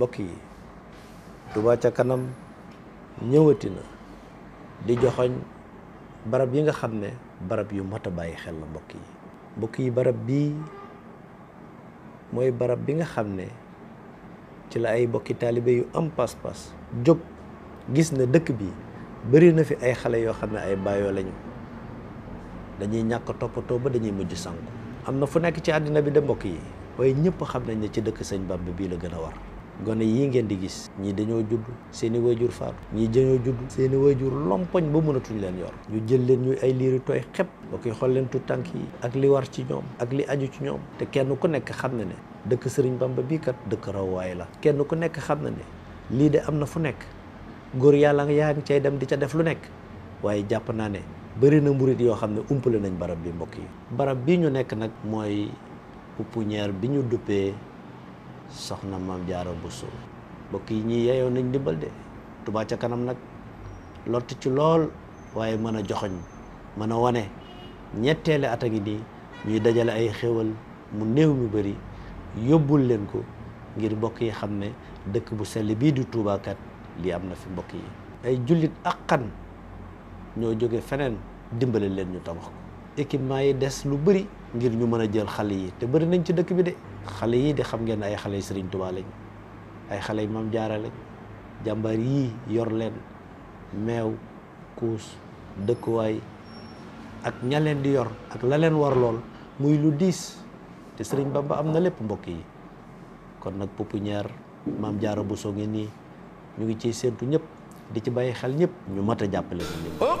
mbokk yi Touba ca kanam ñëwati na di joxoñ barab yi nga xam ne barab yu mat a bàyyi xel la mbokk yi mbokk yi barab bii mooy barab bi nga xam ne ci la ay bokki taalibe yu am pas jóg gis na dëkk bi bëri na fi ay xale yoo xam ne ay baayoo lañu dañuy ñàkk toppatoo ba dañuy mujj sanku am na fu nekk ci àddina bi de mbokk yi waaye ñëpp xam nañ ne ci dëkk sëñ Bàmba bii la gën a war gone yii ngeen di gis ñii dañoo judd seeni i waajur faatu ñii dañoo judd seeni i waajur lompoñ ba mënatuñ leen yor ñu jël leen ñuy ay liiri tooy xepp boo koy xool leen tu tànk yi ak li war ci ñoom ak li aju ci ñoom te kenn ku nekk xam na ne dëkk sëriñ Bamba bii kat dëkk rawwaay la kenn ku nekk xam na ne lii de am na fu nekk góor yàlla yaa ngi cay dem di ca def lu nekk waaye jàpp naa ne bëri na mburit yoo xam ne umpale nañ barab bi mbokk yi barab bi ñu nekk nag mooy pouponnière bi ñu duppee soxna maam jaara buso mbokk yi ñii yeyoo nañ dimbal de Touba ca kanam nag lott ci lool waaye mën a joxoñ mën a wane ñetteele at a ngi nii ñuy dajale ay xéwal mu néew mi bari yóbbul leen ko ngir mbokk yi xam ne dëkk bu selli bii di tuubaakat lii am na fi mbokk yi ay jullit akkan ñoo jóge feneen dimbale leen ñu tabax équipement yi des lu bari ngir ñu mën a jël xale yi te bari nañ ci dëkk bi de xale yi di xam ngeen ay xale yi Serigne Touba lañ ay xale yi Maam jaarale lañ jàmbaar yii yor leen meew kuus dëkkuwaay ak ña leen di yor ak la leen war lool muy lu diis te Serigne Bamba am na lépp mbokk yi kon nag pouponnière Maam Jaara bu soo ngi nii ñu ngi ciy séentu ñëpp di ci bàyyi xel ñëpp ñu mat a jàppale ñëpp.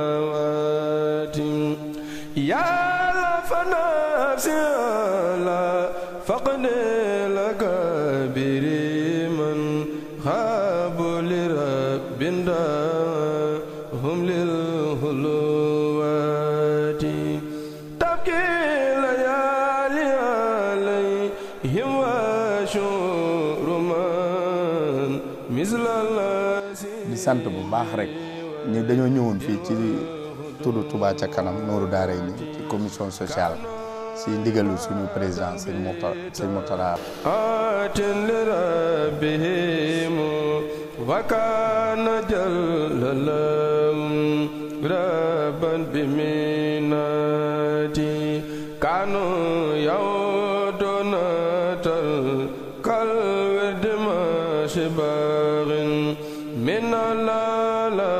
sant bu baax rek ni dañoo ñëwoon fii ci turu Touba ca kanam nooru daara ni ci commission sociale si ndigalu suñu président sëñ Mourtala sëñ Mourtala atin li rabbihimu wakaana jëllalam rabban bi minati kanu yow donatal kal wirdi ma shibarin minalala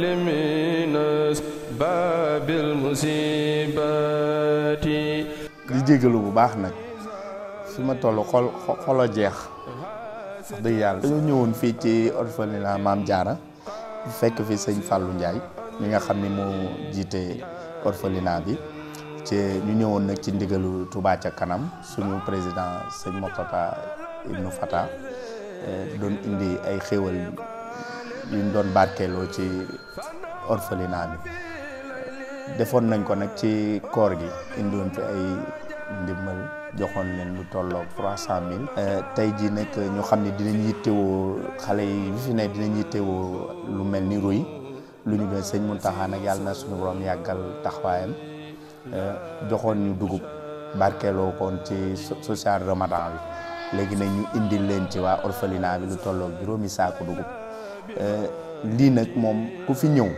liminas babil musi jégalu bu baax nag fi ma toll xol xolo jeex wax dëgg yàlla ñëwoon fii ci orphelinat Maam Diarra fekk fi sëñ Fallou Ndiaye mi nga xam ni moo jiite orphelinat bi ci ñu ñëwoon nag ci ndigalu Touba ca kanam suñu président sëñ Moustapha Ibnou eh, indi ay xéwal yuñ doon barkeeloo ci orphelinat bi defoon nañ ko nag ci koor gi indiwoon fi ay ndimbal joxoon leen lu tolloog trois cent mille euh, tey jii nag ñu xam ne dinañu yittewoo xale yi fi ne dinañ yittewoo lu mel ni ruy lu ñu gën sëñ Muntaxa nag yàlla na suñu borom yàggal taxawaayam euh, joxoon ñu dugub barkeeloo koon ci social ramadan bi léegi nag ñu indi leen ci waa orphelinat bi lu tolloog juróomi saaku dugub euh, lii nag moom ku fi ñëw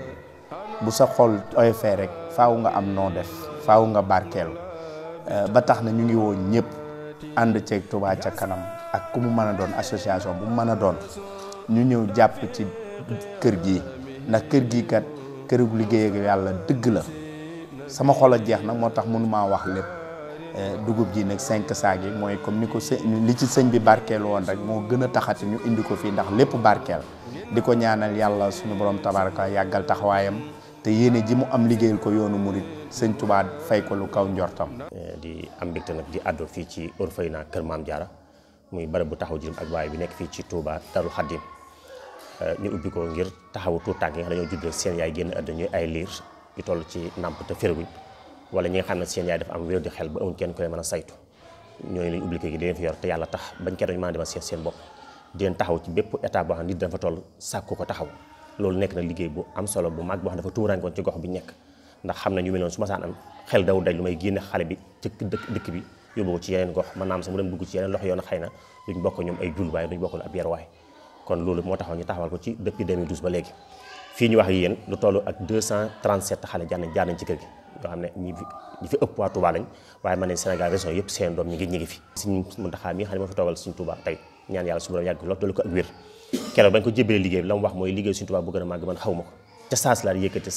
bu sa xol oyofee rek faaw nga am noo def faaw nga barkeelu ba tax na ñu ngi woon ñëpp ànd ceeg Touba ca kanam ak ku mu mën a doon association bu mu mën a doon ñu ñëw jàpp ci kër gi ndax kër gi kat këru liggéey ak yàlla dëgg la sama xol a jeex nag moo tax mënumaa wax lépp eh, dugub ji nag cinq saag yi mooy comme ni ko sëñ li ci sëñ bi barkeel woon rek moo gën a taxati ñu indi ko fii ndax lépp barkeel di ko ñaanal yàlla suñu borom tabaraka yàggal taxawaayam te yéene ji mu am liggéey ko yoonu murit sëñ tubaab fay ko lu kaw njortam. Eh, di am mbégte nag di àddu fii ci orphelinat Kër Maam Diarra muy barab bu taxaw jërëm ak waaye bi nekk fii ci Touba Darou Khadim eh, ñu ubbi ko ngir taxawu tuut tànk yi nga yaay génn àdduna ñuy ay liir yu toll ci nàmp te féreguñ wala ñi nga xam ne seen yaay dafa am wér di xel ba amuñ kenn ku leen mën a saytu ñooñu lañ ubbi kii di leen fi yor te yàlla tax bañ kenn mën a demal seen seen bopp di leen taxaw ci bépp état boo xam ne nit dafa toll sàkku ko taxaw loolu nekk na liggéey bu am solo bu mag boo xam dafa tuuraankoon ci gox bi nekk ndax xam na ñu mel noonu su ma saan am xel daw daj lu may génne xale bi ci dëkk dëkk bi yóbbu ko ci yeneen gox mën naa am sax mu dem dugg ci yeneen loxo yoon xëy na duñ bokk ñoom ay jul waaye duñ bokk ab yar waaye kon loolu moo taxaw ñu taxawal ko ci depuis 2012 ak yéen ne fi ñi fi ëpp waa Touba waaye man ne Sénégal région yëpp seen doom ñi ngi ñi ngi fi Sëriñ Mountakha mi nga xam ne moo fi toogal Sëriñ Touba tey ñaan yàlla su borom yàgg lool ko ak wér keroog bañ ko jébbalee liggéey bi la mu wax mooy liggéey suñu Tuubaa bu gën a màgg man xaw ko ca saas laa yëkkati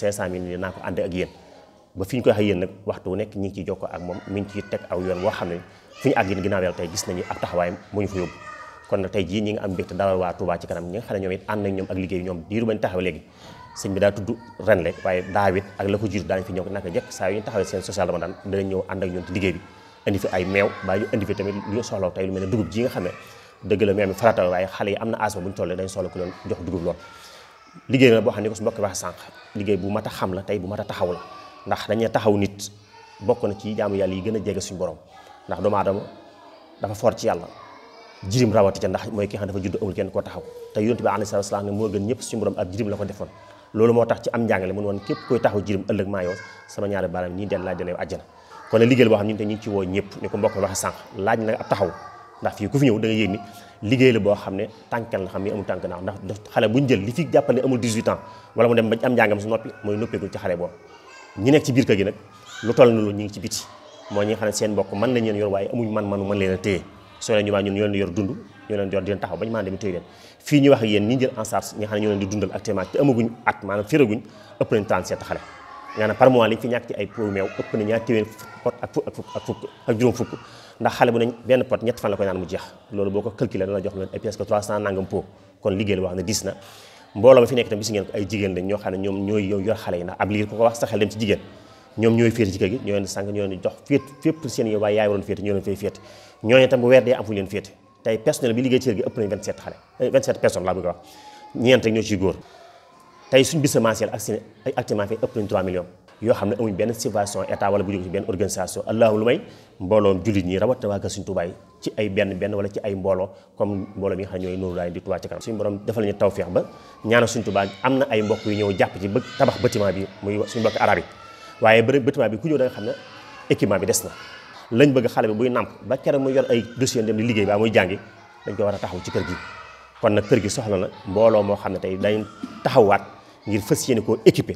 waa Tuubaa ci kanam ñi nga xam ne ñoom it ànd nañ ñoom ak liggéey bi seen social dama daan danañ ñëw ànd ak ñoom ci liggéey bi indi fi ay meew baa ñu indi fi tamit lu ñu soxla tey lu mel dugub ji nga xam dëgg la mi am waaye xale yi am na asma bu ñu tollee dañ soxla ku leen jox dugub lool boo xam ne ko su sànq liggéey bu mat a xam la tey bu mat a taxaw la ndax dañuy taxaw nit bokk na ci jaamu yàlla yi gën a jege suñu borom ndax doomu aadama dafa for ci yàlla jirim rawati ca ndax mooy ki xam dafa judd amul kenn koo taxaw te yonent bi alayhi salaatu salaam moo gën ñëpp suñu borom ab la ko defoon loolu moo tax ci am njàngale mun woon képp koy taxaw jirim ëllëg maa yow sama ñaari baaraam ñii del laaj dana yow àjjana kon liggéey boo xam ne ñu ngi ci woo ñëpp ni ko mbokk wax sànq laaj na ab taxaw ndax fii ku fi ñëw da nga yéeg ni liggéey la boo xam ne tànkal na xam ne amul tànk naaw ndax xale jël li fi jàppale amul 18 ans wala mu am njàngam su noppi mooy noppeegul ci xale boobu ñi nekk ci biir kër gi nag lu toll na loolu ñu ngi ci biti moo ñi xam ne seen mbokk mën lañ yor waaye amuñ man manu mën leen a téye soo leen ñu baa ñun ñoo leen yor dund ñoo leen yor di leen taxaw bañ maanaam dem téye leen fii ñu wax ak yéen jël en charge ñi nga xam ne ñoo leen di dundal actuellement te amaguñ at maanaam féraguñ ëpp nañ 37 ne par ëpp na pot ak fukk ak fukk ak fukk ak juróom fukk ndax xale bu ne benn pot ñett fan la koy wax ne ñoo ci jigéen ñoo leen sànq ñoo leen jox tey personnel bi liggéey eh, laa bëgg a wax ñeent ñoo ciy góor tey suñ bis semenciel ak ëpp nañ 3 millions yoo xam ne amuñ benn subvention état wala bu jóge ci benn organisation allahu lu may mbooloom jullit ñi rawatina waa kër Sëriñ ci ay benn benn wala ci ay mbooloo comme mbooloo mi nga xam ne ñooy Nuuru Daarayni di Tuubaa ci kanam suñu borom defal ñu tawfeex ba ñaanal Sëriñ Tuubaa am ay mbokk yu ñëw jàpp ci ba tabax bâtiment bi muy suñu mbokk arab waaye bërëb bâtiment bi ku ñëw da nga xam ne bi des na lañ bëgg xale bi buy nàmp ba keroog muy yor ay dossier dem di liggéey baa muy jàngi dañ ko war a taxaw ci kër gi kon nag kër gi soxla na mbooloo moo xam ne tey dañ taxawaat ngir fës yéene koo équipé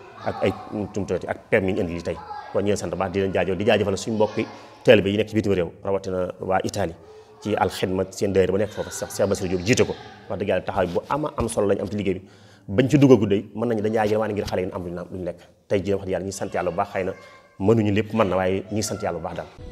ak ay tumtuti ak permis ñu indi li tey kon ñeen sant baax di leen jaajëf di jaajëfal suñu mbokki taalibe yi nekk ci bitim réew rawatina waa Italie ci alxidma seen daayira ba nekk foofu sax Cheikh Bassirou Diop jiite ko wax dëgg yàlla taxaw bu ama am solo lañ am ci liggéey bi bañ ci dugg a gudday mën nañu dañaa yërwaane ngir xale yi am luñu lekk tey ji wax dëgg yàlla ñi sant yàlla bu baax xëy na mënuñu lépp mën na waaye ñi sant yàlla bu baax daal